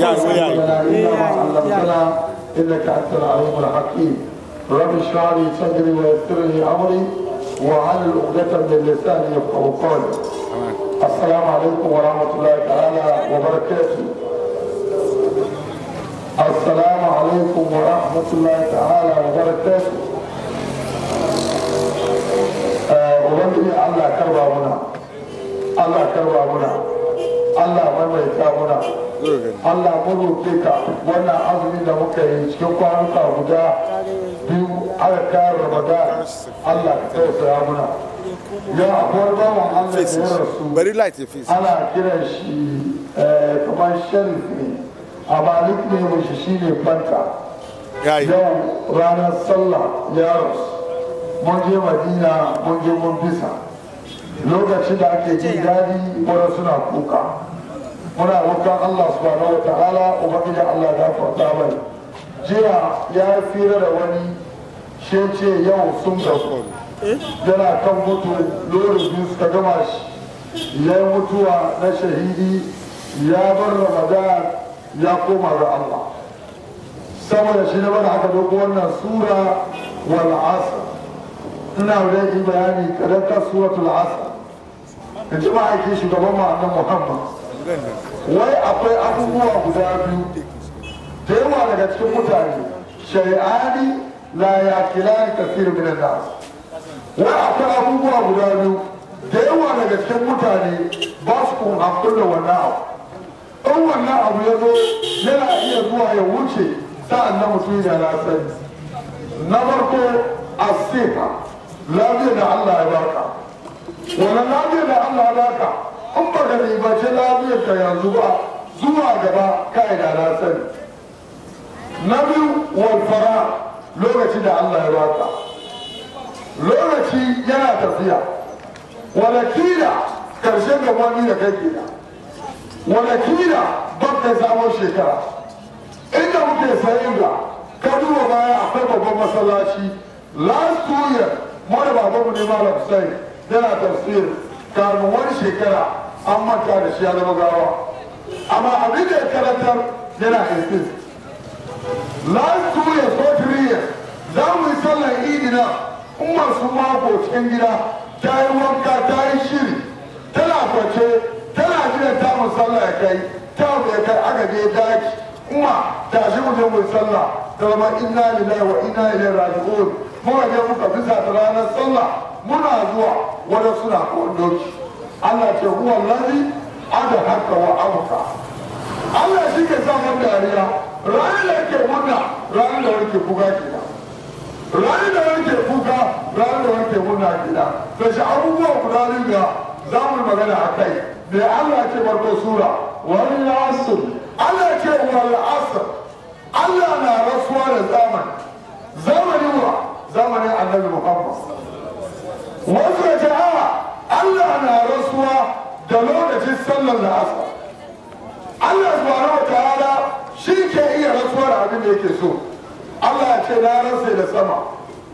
ياي وياي انك انت العليم الحكيم رب اشرح لي صدري ويسر لي امري وعلى عقدة من لساني يفقهوا قولي السلام عليكم ورحمة الله تعالى وبركاته السلام عليكم ورحمة الله تعالى وبركاته ubangiji allah karba muna allah karba muna Allah mai muna Allah maroke ka wannan azumi da muka yi cikin kwanuka guda biyu aka kayar ramadan Allah ka tausaya muna ya akwai bawan Allah da ya rasu ana kiran shi eh, kamar sharif ne a malik ne mashi shi ne fanta yau ranar sallah ya rasu mun je madina mun je mun bisa lokacin da ake jin daɗi wani suna kuka muna roƙon Allah subhanahu wa ta'ala ubangiji Allah ya farta mai jiya ya fira da wani shi ce yau sun gasu yana kan mutu lori biyu suka gama shi ya mutuwa na shahidi ya bar ramadan ya koma ga Allah saboda shi na bada haka doko wannan sura wal asr ina da yi bayani kadan ta suratul asr in jima'a shi shugaban ma'anar muhammad wai akwai abubuwa guda biyu da yawa daga cikin mutane shari'ani la ya kila kasiru min nas wai akwai abubuwa guda biyu da yawa daga cikin mutane ba su kun hakun da wannan abu in wannan abu ya zo yana iya zuwa ya wuce sa'an na mutum ya na sani na farko asifa lafiya da allah ya barka wani lafiya da Allah baka in ba ka ribaci lafiyar ta yanzu ba zuwa gaba kai da na sani na biyu walfara lokaci da Allah ya baka lokaci yana tafiya wani kila karshen wani da kai kila wani kila bakai sabon shekara inda muke sayin da ka duba baya akwai babban masallaci last two years mu babanmu ne malam sai yana tafsir kamin wani shekara an manta da shi ya gawa amma abin da ya karantar yana haifin last two years ko three years za mu yi sallar idina kuma su mako cikin gida ta yi wanka ta yi shiri tana kwace tana jiran ta mu sallah ya kai ta mu ya kai aka je daki kuma ta shi mu je mu sallah ta zama inna lillahi wa inna ilaihi raji'un muka je muka bisa ta ranar sallah muna zuwa wadda suna kowar Allah ce huwa lari ada haka wa amka Allah shi ke samun dariya ranar da yake murna ranar da wanke kuka gida ranar da wanke kuka ranar da wanke murna gida da shi abubuwa guda ringa za mu magana a kai da Allah ce barko sura wal asr Allah ce wani asr Allah na rasuwa da zamani zamanin wa zamanin annabi Muhammad wasu da ce Allah na rasuwa da lokacin sallar da asa Allah subhanahu wa ta'ala shi ke iya rasuwar abin da yake so Allah ya ce na rasa da sama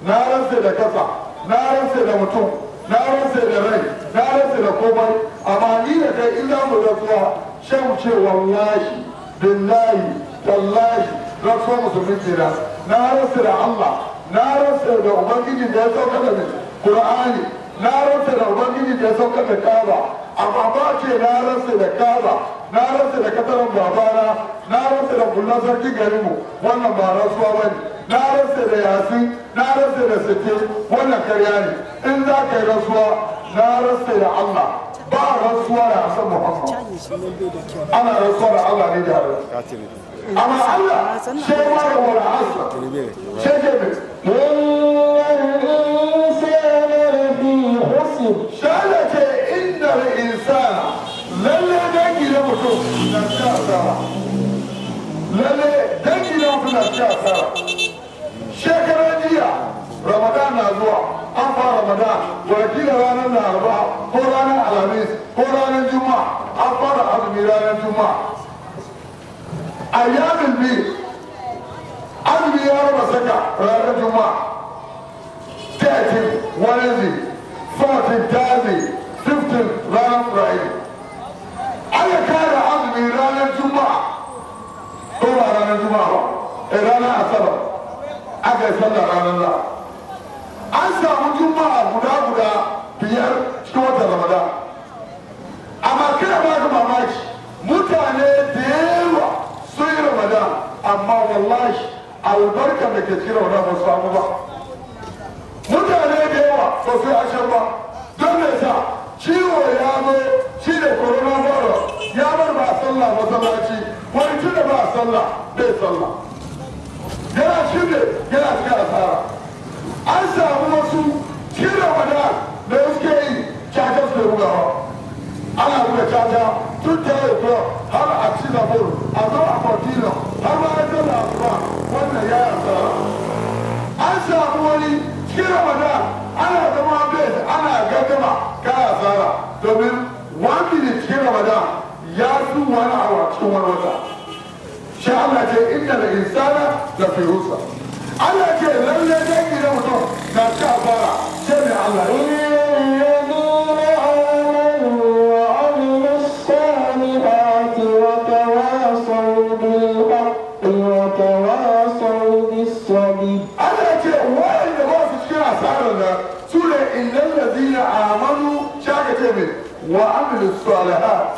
na rantse da kasa na rasa da mutum na rasa da rai na rasa da komai amma ni da kai in za mu rasuwa sai mu wallahi billahi tallahi rasuwar musulmi kenan na rantse da Allah na rantse da ubangiji da ya sauka da ni Qur'ani na rantsa da ubangiji da ya sauka da kaza amma ba ce na rantsa da kaza na rantsa da kataran babana na rantsa da bullan sarki garinmu wannan ba rasuwa ba ne na rantsa da yasi na rantsa da sake wannan karya ne in za ka yi rasuwa na rantsa da Allah ba rasuwa da asan Muhammad ana rasuwa da Allah ne da amma Allah sai da wani asa sai ke ne uku ce inda insana lalle dangi na mutum na ci asara lalle dangi na mutum na ci asara shekaran jiya ramadan na zuwa an fara ramadan wakila ranar laraba ko ranar alhamis ko ranar juma'a an fara azumi ranar juma'a a yamin bi azumi ya raba saka ranar juma'a 13 wednesday sautin jami siftin ranar rayu ana kare azumi ranar juma'a ko ba ranar juma'a ba a eh, ranar asabar aka yi sallar ranar la. an samu juma'a guda guda biyar cikin wata ramadan amma kada ba ka mamaki mutane da yawa sun yi ramadan amma wallahi albarkar da ke cikin ramadan ba su samu ba mutane da yawa ba su yi ba don me sa ciwo ya zo shi da virus ya bar ba sallah masallaci wani tun da ba sallah bai sallah yana shirye yana cikin asara an samu wasu cikin ramadan da suke yi caca su da bugawa ana buga caca tun ta yi kuwa har a ci zabur a zo a kwantina har ma ya zama wannan ya yi shi ramadan ana zama bet ana gaggama kana tsara domin wani da cikin ramadan ya su wani abu a cikin wani wata shi allah ce inda da insana da fi rusa allah ce lalle dangi na mutum na ta fara shi ne allah innal ladina amanu shaka ce mai wa amilu salihat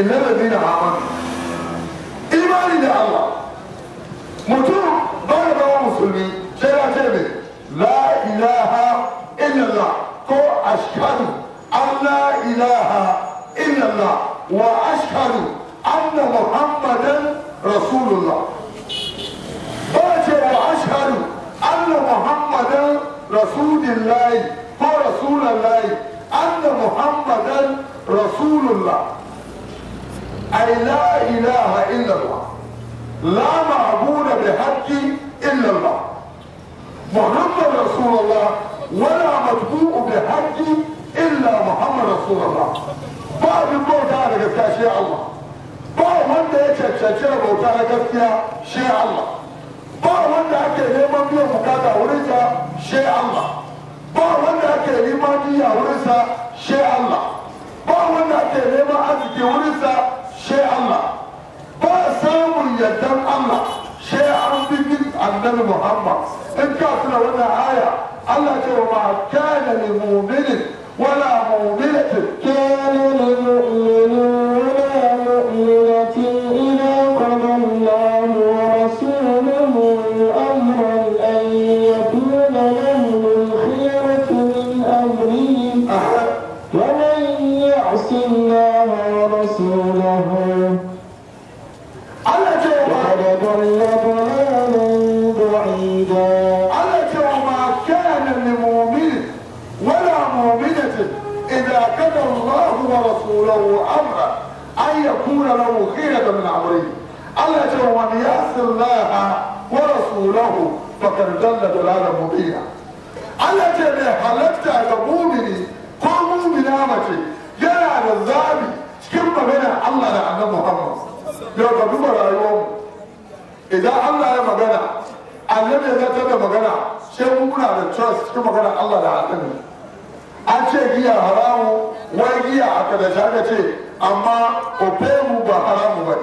innal ladina amanu imani da Allah mutum ba ya zama musulmi sai ya la ilaha illallah ko ashhadu an la illallah wa ashhadu anna muhammadan rasulullah ba ce wa ashhadu anna muhammadan rasulillahi ko rasulallahi ana muhammadan rasulullah ay la ilaha illallah la ma'budu bi haqqi illallah muhammad wana wala matbu'u da haqqi illa muhammad rasulullah ba abin bauta da gaskiya Allah ba wanda ya cancanci bauta na gaskiya shi Allah neman biyan bukata wurinsa she Allah ba wanda ake neman biya wurinsa she Allah ba wanda ake neman arziki wurinsa she Allah ba samun yardan Allah she an bikin annabi Muhammad in ka tuna wannan aya Allah ce wa ma kana lil mu'minin wala mu'minatin kana lil mu'minin يكون له خيرة من أمره الله يقول ومن يعص الله ورسوله فقد ضل ضلالا مبينا Allah ce mai halatta ga mumini ko mumina mace yana da zabi cikin maganar Allah da annabi Muhammad yau ka idan Allah ya magana annabi ya zartar da magana sai mu muna da trust cikin magana Allah da annabi an ce giya haramu wai giya aka da ce amma mu ba haramu ba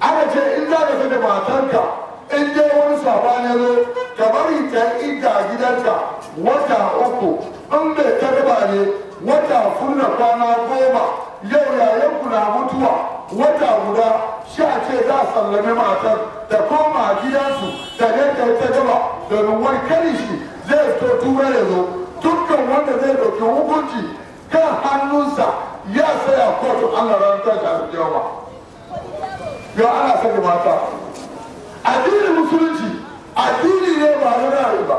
aka ce in za ka da matanka in dai wani sabani zo ka bari ta yi ita gidanta wata uku in bai ta tarba ne wata kunna kwana goma yau yayan ku mutuwa wata guda shi a ce za a sallame matar ta koma gidansu ta yadda ta gaba da ruwan kari shi zai to tura ya zo dukkan wanda zai dauki hukunci kan hannunsa a kotun Allah ran ta ta su yawa yo ana sani mata addinin musulunci addini ne ba na rayu ba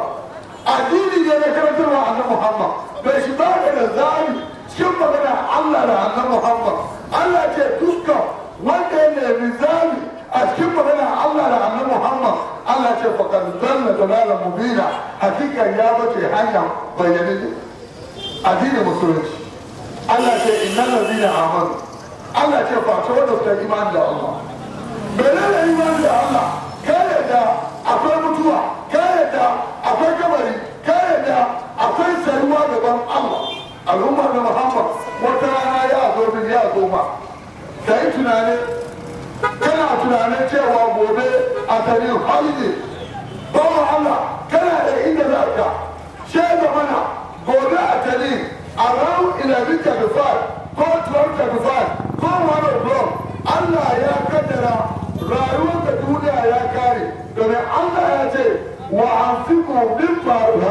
addini ne na karantarwa annabi Muhammad bai shi ba da zari cikin magana Allah da annabi Muhammad Allah ce dukkan wanda ya nemi zali a cikin magana Allah da annabi Muhammad Allah ce fakar zanna dalalan mubina hakika ya bace hanya bayyane addinin musulunci Allah ce innan lazina amanu Allah ce face wanda suka imani da Allah menene imani da Allah ka yadda akwai mutuwa ka yadda akwai kabari ka yadda akwai tsayuwa gaban Allah al'umma da Muhammad wata rana ya zo min ya zo ma ka yi tunani kana tunanin cewa gobe a tarin holiday bawa Allah kana da inda za ka shaida mana gobe a tarin 11:35 ko 12:35 ko 1 o'clock Allah ya kaddara rayuwar da duniya ya kare domin Allah ya ce wa an fi ku bin faru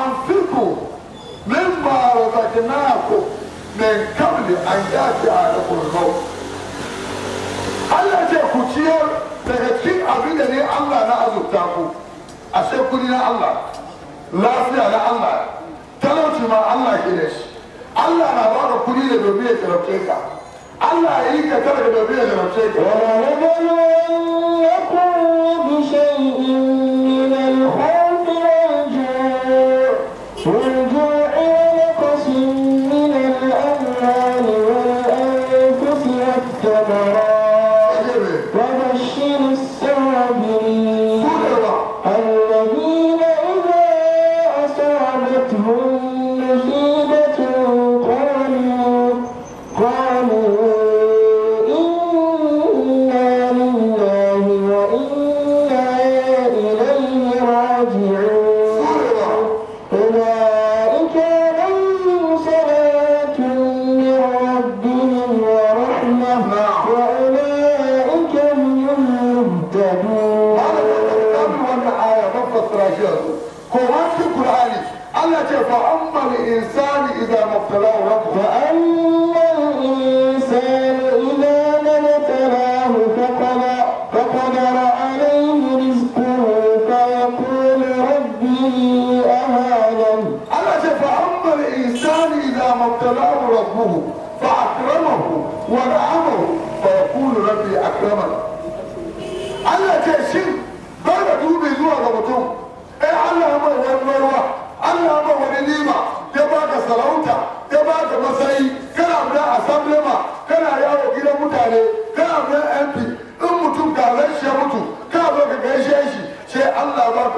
وأنفقوا مما رزقناكم من قبل أن يأتي عليكم الموت Allah ce ku ciyar daga cikin abin da ne Allah na azurta ku a sai kudi na Allah lafiya na Allah talauci ma Allah ke da shi Allah na ba da kudi da domin ya ka Allah ya yi ka tara domin ya talauce ka. Wa la nablu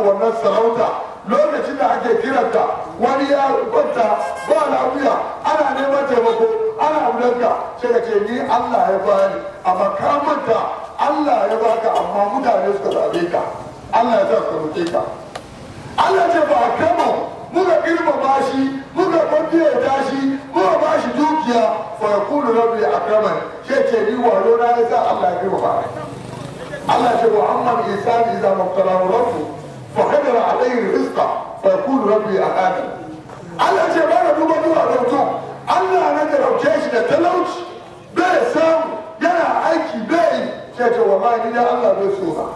wannan sarauta lokacin da ake kiranta wani ya kwanta ba lafiya ana neman taimako ana hulanka sai ka ce ni Allah ya bani amma ka manta Allah ya baka amma mutane suka zabe ka Allah ya sa roke ka Allah ce ba kama muka girmama shi muka ya tashi, muka bashi dukiya fa yakulu rabbi akraman sai ce ni wayo na ya sa Allah ya girmama Allah ce wa amma insani idza mabtalahu rabbuhu فقدر عليه الرزق فيقول ربي أهاني Allah ce ba da duba duba rautu Allah na da rauke shi da talauci bai sa yana aiki bai ce ce wa mani da Allah bai so ba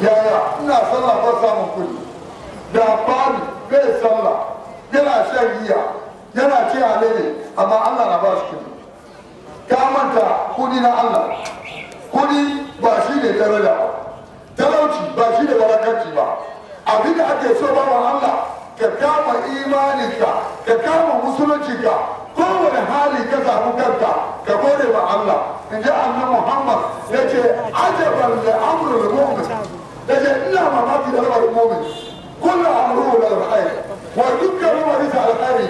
yaya ina sallah far samun kuɗi da bani bai sallah yana shan yana ce halele amma Allah na ba shi ka manta kuɗi na Allah kuɗi ba shi ne tare da ba shi da walakanci ba abin da ake so ba Allah ka kama imaninka ka kama musuluncinka kowane hali ka samu kanka ka gode wa Allah in ji annan Muhammad ya ce ajabar da amurin mumin da ce ina mamaki da lamarin mumin kullu amruhu lil khair wa dukkan lamarin sa alkhairi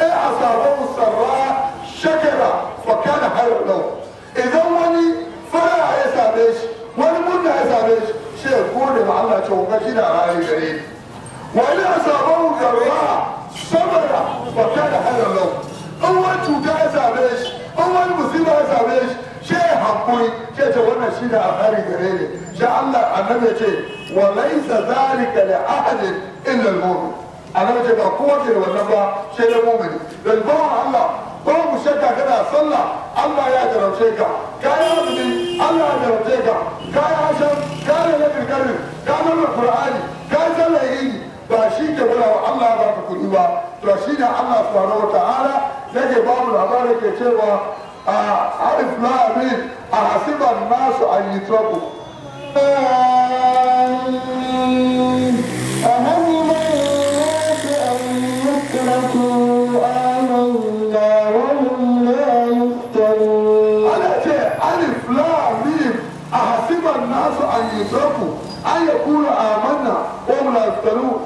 eh, ai asabahu sarra shakara wa kana khairan lahu idan wani fara ya same shi wani murna ya same shi sai ya gode ma Allah ta da rayu gare ni garwa lau in wani cuta ya same shi in wani musiba ya same shi sai hakuri ta wannan shi da alheri gare ne, sai Allah annabi ya ce wa laysa zalika li ahadin illa al-mu'min annabi ce ba kowa ke da wannan ba sai da mu'min dan ba Allah babu shakka kana sallah Allah ya jarabce ka kayan azumi Allah ya jarabce ka kayan ashan kare na birgarin kamar da qur'ani ka sallar idi ba shi ke wala wa Allah ba ka kuɗi ba to shi ne Allah subhanahu wataala yake ba mu labarin ke cewa a alif lam a hasiban nasu an yutraku يتركوا أن يقولوا آمنا وهم لا يفتنون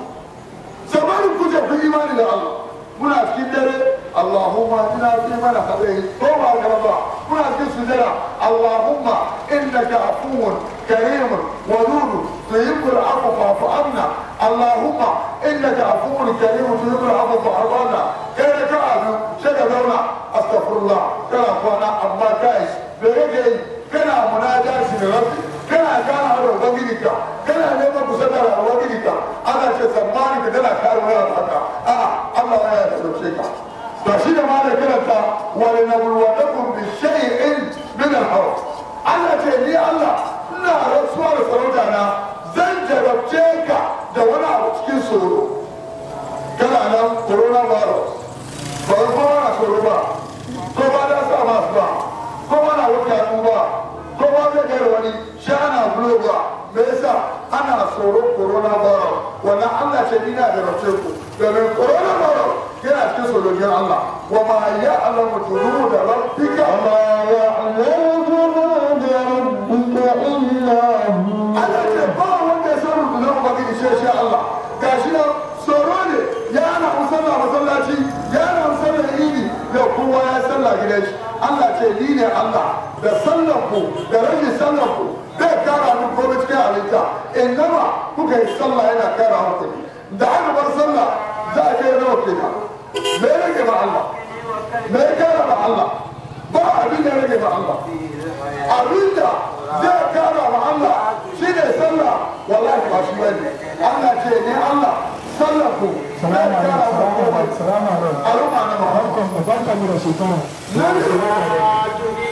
زمان كنت في إيمان إلى الله منافقين دري اللهم اهدنا فيمن هديت هو الغرباء منافقين سدرا اللهم انك عفو كريم ودود تحب العفو فاعف عنا اللهم انك عفو كريم تحب العفو فاعف عنا كان كعب شكا دولا استغفر الله كان اخوانا اما كايش برجل كان مناجاش لربي kana kara da ubangiji ka kana nema kusa da ubangiji ka ana ce tsammani ka tana kare wani haka a'a Allah ya yarda ka to shi da malai kiranta wani na bulwatakum bi shay'in min al-hawl Allah ce ni Allah ina rantsuwa da sarauta na zan jarabce ka da wani abu cikin tsoro kana nan corona virus ba ko ba na tsoro ba ko ba na sa masu ba ko ba na wuta ba kowa zai gaya wani shi ana bloga me yasa ana tsoron corona virus wannan Allah ce ina da race ku domin corona virus yana cikin sojojin Allah wa ma ya alamu turu da rabbika ma ya alamu turu da rabbika illa Allah ce ba wanda ya san rundunar ubangiji shi shi Allah gashi nan tsoro ne ya ana musalla masallaci ya ana musalla idi da kowa ya sallah gidan shi Allah ce ni ne Allah da sallar ku da rage sallar ku zai kara min komai cikin halitta innama kuka yi sallah yana kara muku da aka bar sallah za a kai nawa kenan me ya rage ba Allah me ya kara ba Allah ba abin da ya rage ba Allah abin da zai kara ba Allah shi ne sallah wallahi ba shi bane Allah ce ne Allah sallar ku salamu alaikum salamu alaikum al'umma na ba barkan da barkan da shekara na ne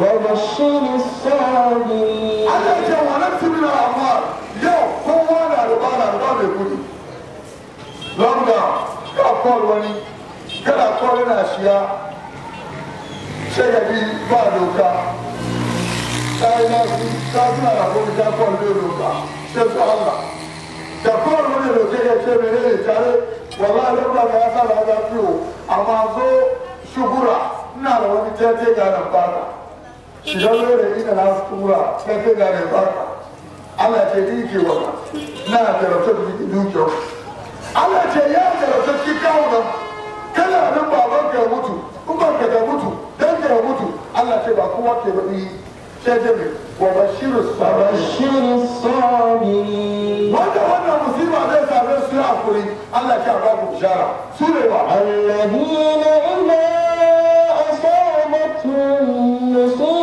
وبشر الصابرين Allah ya ce wa nafsi min al'amar yau kowa na da ba da mai kudi don ga ka kawar wani kana kawar yana shiya shagari ba doka ta yi nasu ta suna da kudi ta kawar da doka shugura ina wani jaje ga nan lori ina na sukura pepe da ne baka ala ce ke wa na jarabta da dukiyo ala ce ya jarabta ki kawo nan kana nan baban ka mutu umar ka ga mutu dan ka mutu ala ce ba kowa ke ba yi sai da me wa bashiru sabashiru sabiri wanda wannan musiba zai same su a kuri Allah ya ba ku jara su ne wa alladina ila asabatu musib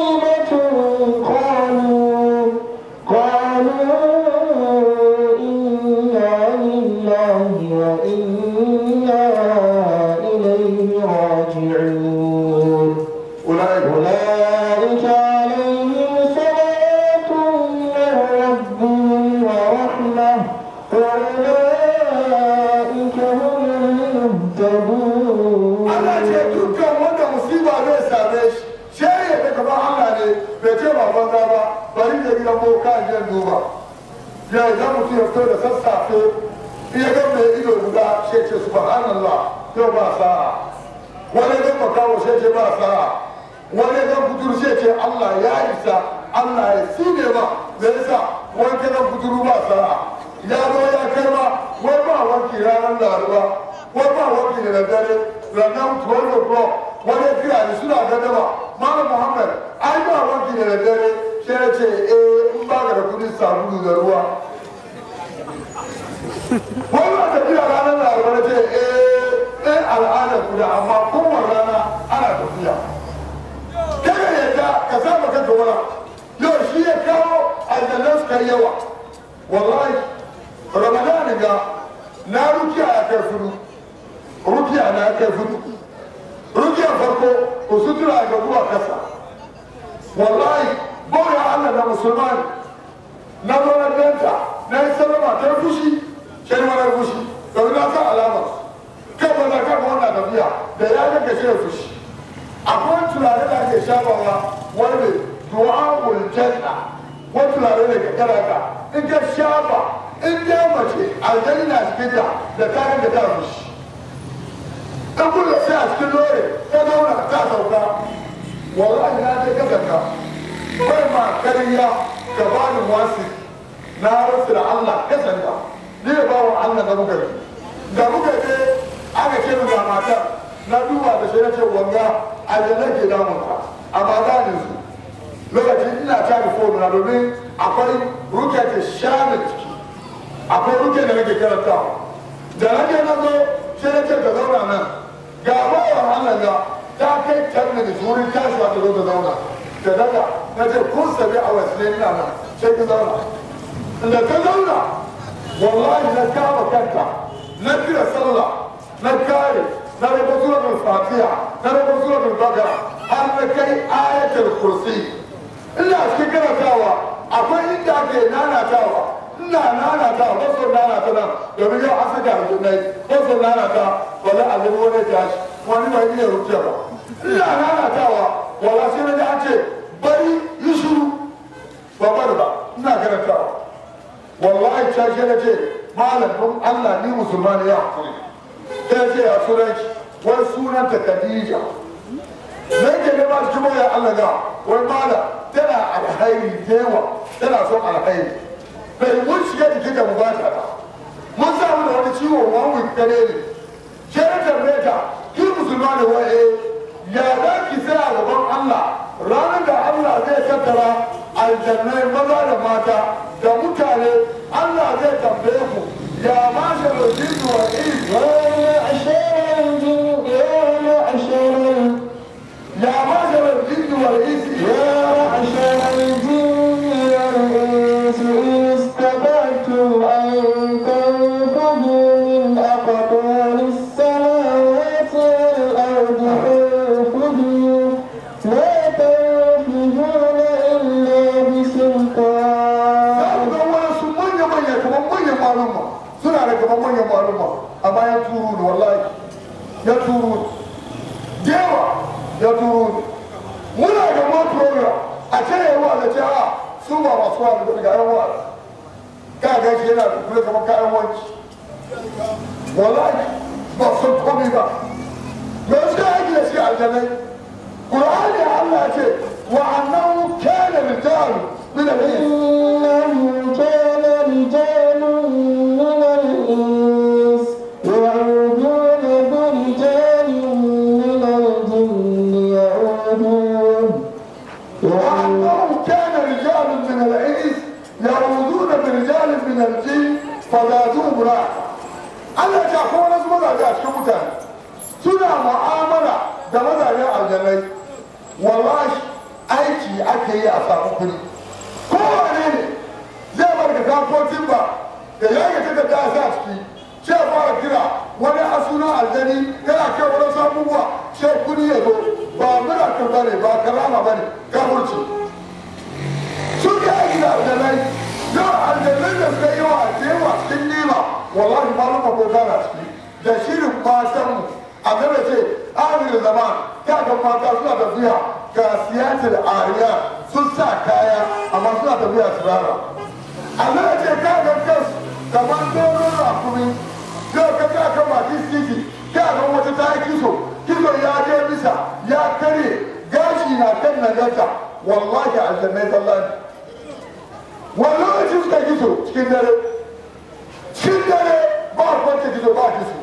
iya gidan boka a jiyan duba ya idan mutum ya fito da sassafe iya ga mai ido guda shi ce subhanallah yau ba sa'a wani ga makawo shi ce ba sa'a wani ga kuturu shi ce allah ya isa allah ya sine ba da yasa wani ga kuturu ba sa'a ya zo ya kai ma wani ba wanki ranar laruwa wani ba wanki da dare ranar tuwon da wani kira ne suna gadaba malam muhammad ai ba wanki da dare sai ce eh in ba ka da kudin sabulu da ruwa wani ba tafiya ranar laraba na ce eh ɗan al'adar ku da amma kowane rana ana tafiya kada yadda ka sa maka ga wani yau shi ya kawo aljannan su yawa wallahi ramadan ga na rukiya ya kai fudu rukiya na kai fudu rukiya farko ku sutura ga zuwa kasa wallahi ya Allah da musulman na zonar danta na yi sallama ta fushi sai ma na fushi domin na san alama kan ba za ka ga wannan tafiya da ya ga gashe fushi akwai turare da ake shafawa wani du'a'ul janna wani turare ne ka ka in ka shafa in ka mace aljanna cikin ta da ta ga ta fushi in kullum sai a cikin lore ta zauna ta sauka wallahi na ta kasanta bai ma karya bani wasi na rasu da Allah ya sanda ni ya ba wa Allah da muka yi da muka je aka ce da mata na duba da shi wanga a wanga aljanna ke damun a ba da ni su lokacin ina ta da fonu na domin akwai ruke ke shamin ciki akwai ruke da nake karanta da nake na zo shi na ce ka zauna nan ga bawa Allah ga ta kai tarni da ta tashi ta zo ta zauna da na ce kun sabi a wasu ne na nan sai ka zauna da ka zauna wallahi na kama kanta na kira salla na kare na rabu zuwa mai fatiha na rabu zuwa mai bakara har na kai ayatar kursi ina cikin karantawa akwai inda ake nanatawa ina nanata ba so nanata nan domin yau an saka aljinnai ba so nanata wala aljinnai wani jashi wani mai iya rubuta ba ina nanatawa wala sai na ji an ce bari yi babar ba bari ba ina karanta wallahi ta ce na ce malamin allah ni musulma ne ya hakuri ta ce ya sunanki wai sunanta khadija zai ke nema cikin ya allah ga wani malam tana alhairi yawa tana son alhairi bai wuce ya jiki da bukata ba mun samu da wani ciwo wani kare ne shi ne tarbe ta ki musulman ne wai eh, ya za ki sai a gaban Allah ranar da Allah zai tattara aljannai maza da mata da mutane Allah zai tambaye ku ya ma shi rajin wa ya ma shi rajin wa ya ma shi kwana daga yan wa ka ga shi yana kuma kamar kayan wanki wallahi ba sun komai ba me suka aiki da shi aljanai qur'ani Allah ce wa annahu kana rijalun min al-ins malamai wallahi aiki ake yi a samu kuɗi kowane ne zai bar da kafofin ba da yanke takarda a sa ciki sai fara kira wani asuna aljani yana kai wani sabuwa ce kuri ya zo ba muna kan ne ba karama ka mulci sun yi da aljanai yau aljanai da suka yi wa aljewa cikin nema wallahi malama ko gana ciki da shirin mu a gaba ce amin zaman kaga mata suna tafiya ga siyatar ariya sun sa kaya amma suna tafiya turara Allah ce kaga kansu kamar doron rakumi zai ka kaga mafi titi kaga wata ta yi kiso kiso ya je bisa ya kare gashi na kan nagarta wallahi aljannai tallani wani lokacin suka kiso cikin dare cikin dare ba kwanta kiso ba kiso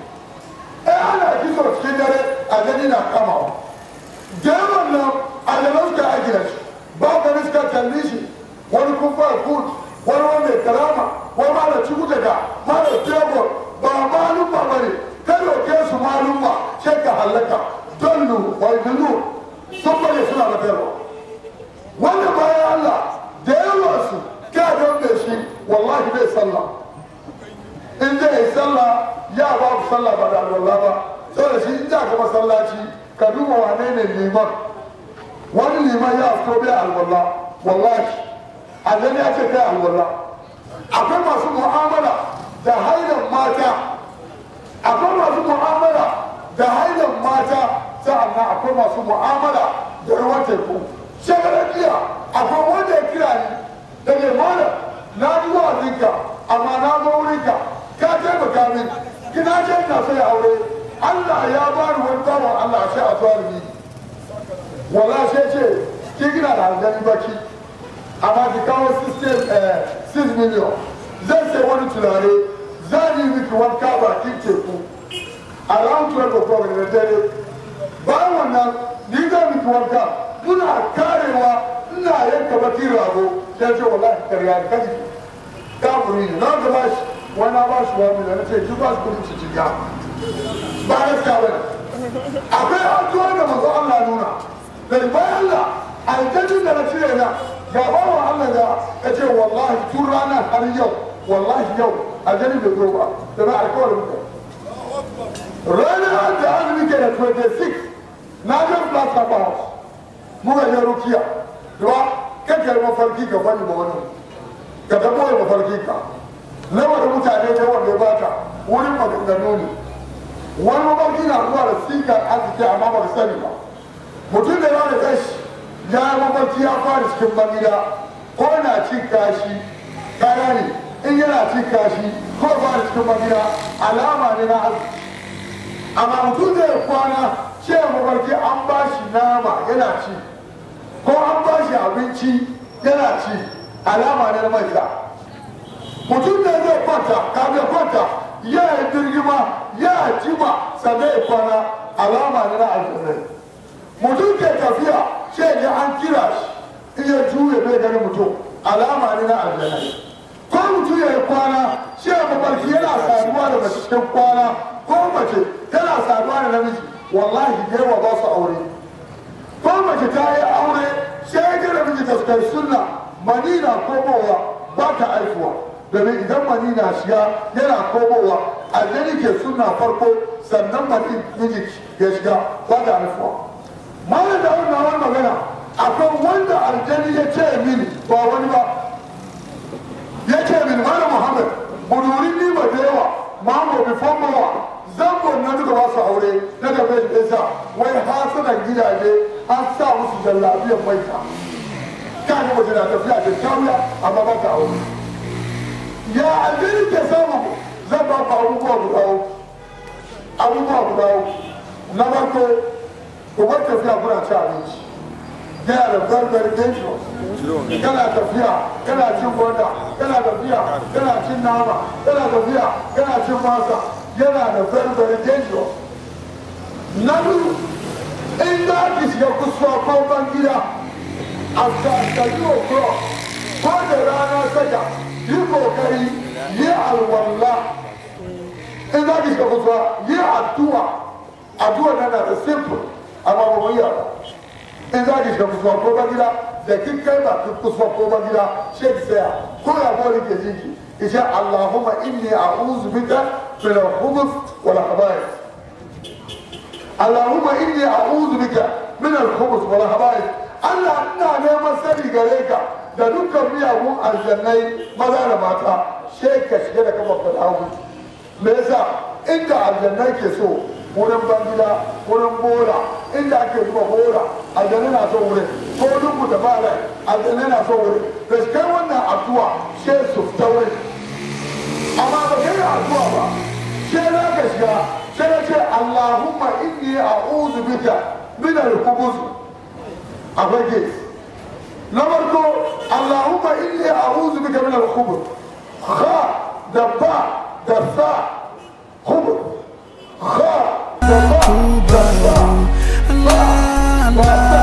eh ana kiso cikin dare a gani na kamawa jeron na a da rauta a shi ba ka riska kalli shi wani kumfa kurt wani wanda ya karama wani mara ciku daga mara tebur ba malum ba bane ka oke su malum ba ce ka halaka dollu wai dulu sun bane suna da tebur wanda bayan Allah da yawa su ka don da shi wallahi bai sallah in zai sallah ya ba sallah ba da Allah ba sai da shi in ja ka masallaci Kaduma duba wane ne liman wani liman ya fito bai alwala wallahi annabi ya ce kai alwala akwai masu mu'amala da haidan mata akwai masu mu'amala da haidan mata sa'annan akwai masu mu'amala da ruwan teku shekarar jiya akwai wanda ya kira ni da limanin na ji wa'azinka amma na zo wurinka ka taimaka min kina ce ina sai aure Allah ya ba ni wani bawan Allah sai a zalimi wala sai ce ki gina da aljani baki amma ki kawo 6 eh, million zai sai wani tunare za ni yi miki kaba ki teku a 12 o'clock da dare bayan wannan ni za zan wani kaba muna karewa ina yanka bakin rago sai ce ki karya da kaji kafuri ne na ga shi wani ba shi wani da na ce ki ba shi kudin cikin ya ba gaskiya ba an addu'o'i da manzo Allah nuna da bayan Allah aljannin da na cire na ga bawa Allah ga ya ce wallahi tun rana har yau wallahi yau aljannin da zo ba da na alkawarin ka ranar da azumi ke da 26 na je plaza ba muka je rukiya ba kake mafarki ka fani ba wannan ka ta boye mafarki ka lamarin mutane ne wanda ya bata wurin maganganu ne wani mafarki na zuwa da sikar arziki amma ba ka sani ba mutum da yawa da kashi ya mafarki ya cikin bagida ko na cin kashi kaya ne in yana cin kashi ko fara cikin bagida alama ne na arziki amma mutum zai kwana ce mafarki an ba nama yana ci ko an ba abinci yana ci alama ne na maita mutum da zai kwanta kafin kwanta ya yi jirgima ya jima sannan ya kwana alama ne na aljanna mutum ke tafiya ce ne an kira shi in ya juye bai gani mutum alama ne na aljanna ko mutum ya yi kwana shi ya mafarki yana saduwa da cikin kwana ko mace yana saduwa da namiji wallahi da yawa ba su aure ko mace ta yi aure sai ya gina miji ta sunna manina ko mawa ba ta aifuwa domin idan mani na shiga yana komowa aljani ke suna farko sannan mani miji ya shiga ba da alfuwa malam da wani nawa magana akwai wanda aljani ya ce mini ba wani ba ya ce mini malam muhammad bururi ni ba da yawa mamo before mawa zangon na duka ba aure na da bai ɗinsa wai hasunan gidaje an sa musu jallabiyan maita kan yi wajen na tafiya da kyauya amma ba ta aure ya birke sama zan ba ku abubuwa guda uku abubuwa guda uku na farko ku bar tafiya kuna ci abinci yana da barbar very dangerous kana tafiya kana cin gwanda kana tafiya kana cin nama kana tafiya kana cin masa yana da barbar very dangerous na biyu in za ki shiga kusurwa ko ban gida after 3 o'clock ko da rana saka yi kokari yi alwalla in za ki shiga kusa yi addu'a addu'a na da simple amma ba mu yi in za ki shiga kusa ko ba gida da kin kai ba kin kusa ko ba gida shi ki tsaya ko ya bori ke jinki ishe allahumma inni a'udhu bika min al-khubuth wal khaba'ith اللهم اني اعوذ بك من الخبث والهبائل الا انا نعمه سري عليك da dukkan miyagun aljannai maza da mata sai ka shiga da kafa fadahu me yasa inda aljannai ke so wurin bangida wurin bora inda ake zuba bora aljannai na so wurin ko dubu da bara aljannai na so wurin da shi kai wannan addu'a sai su fita wurin amma ba kai addu'a ba sai za ka shiga sai na ce allahumma inni a'udhu bika min al-khubuz akwai gates نمرته اللهم إني أعوذ بك من الخبر خاء دباء دفاء خبر خاء دباء دفاء الله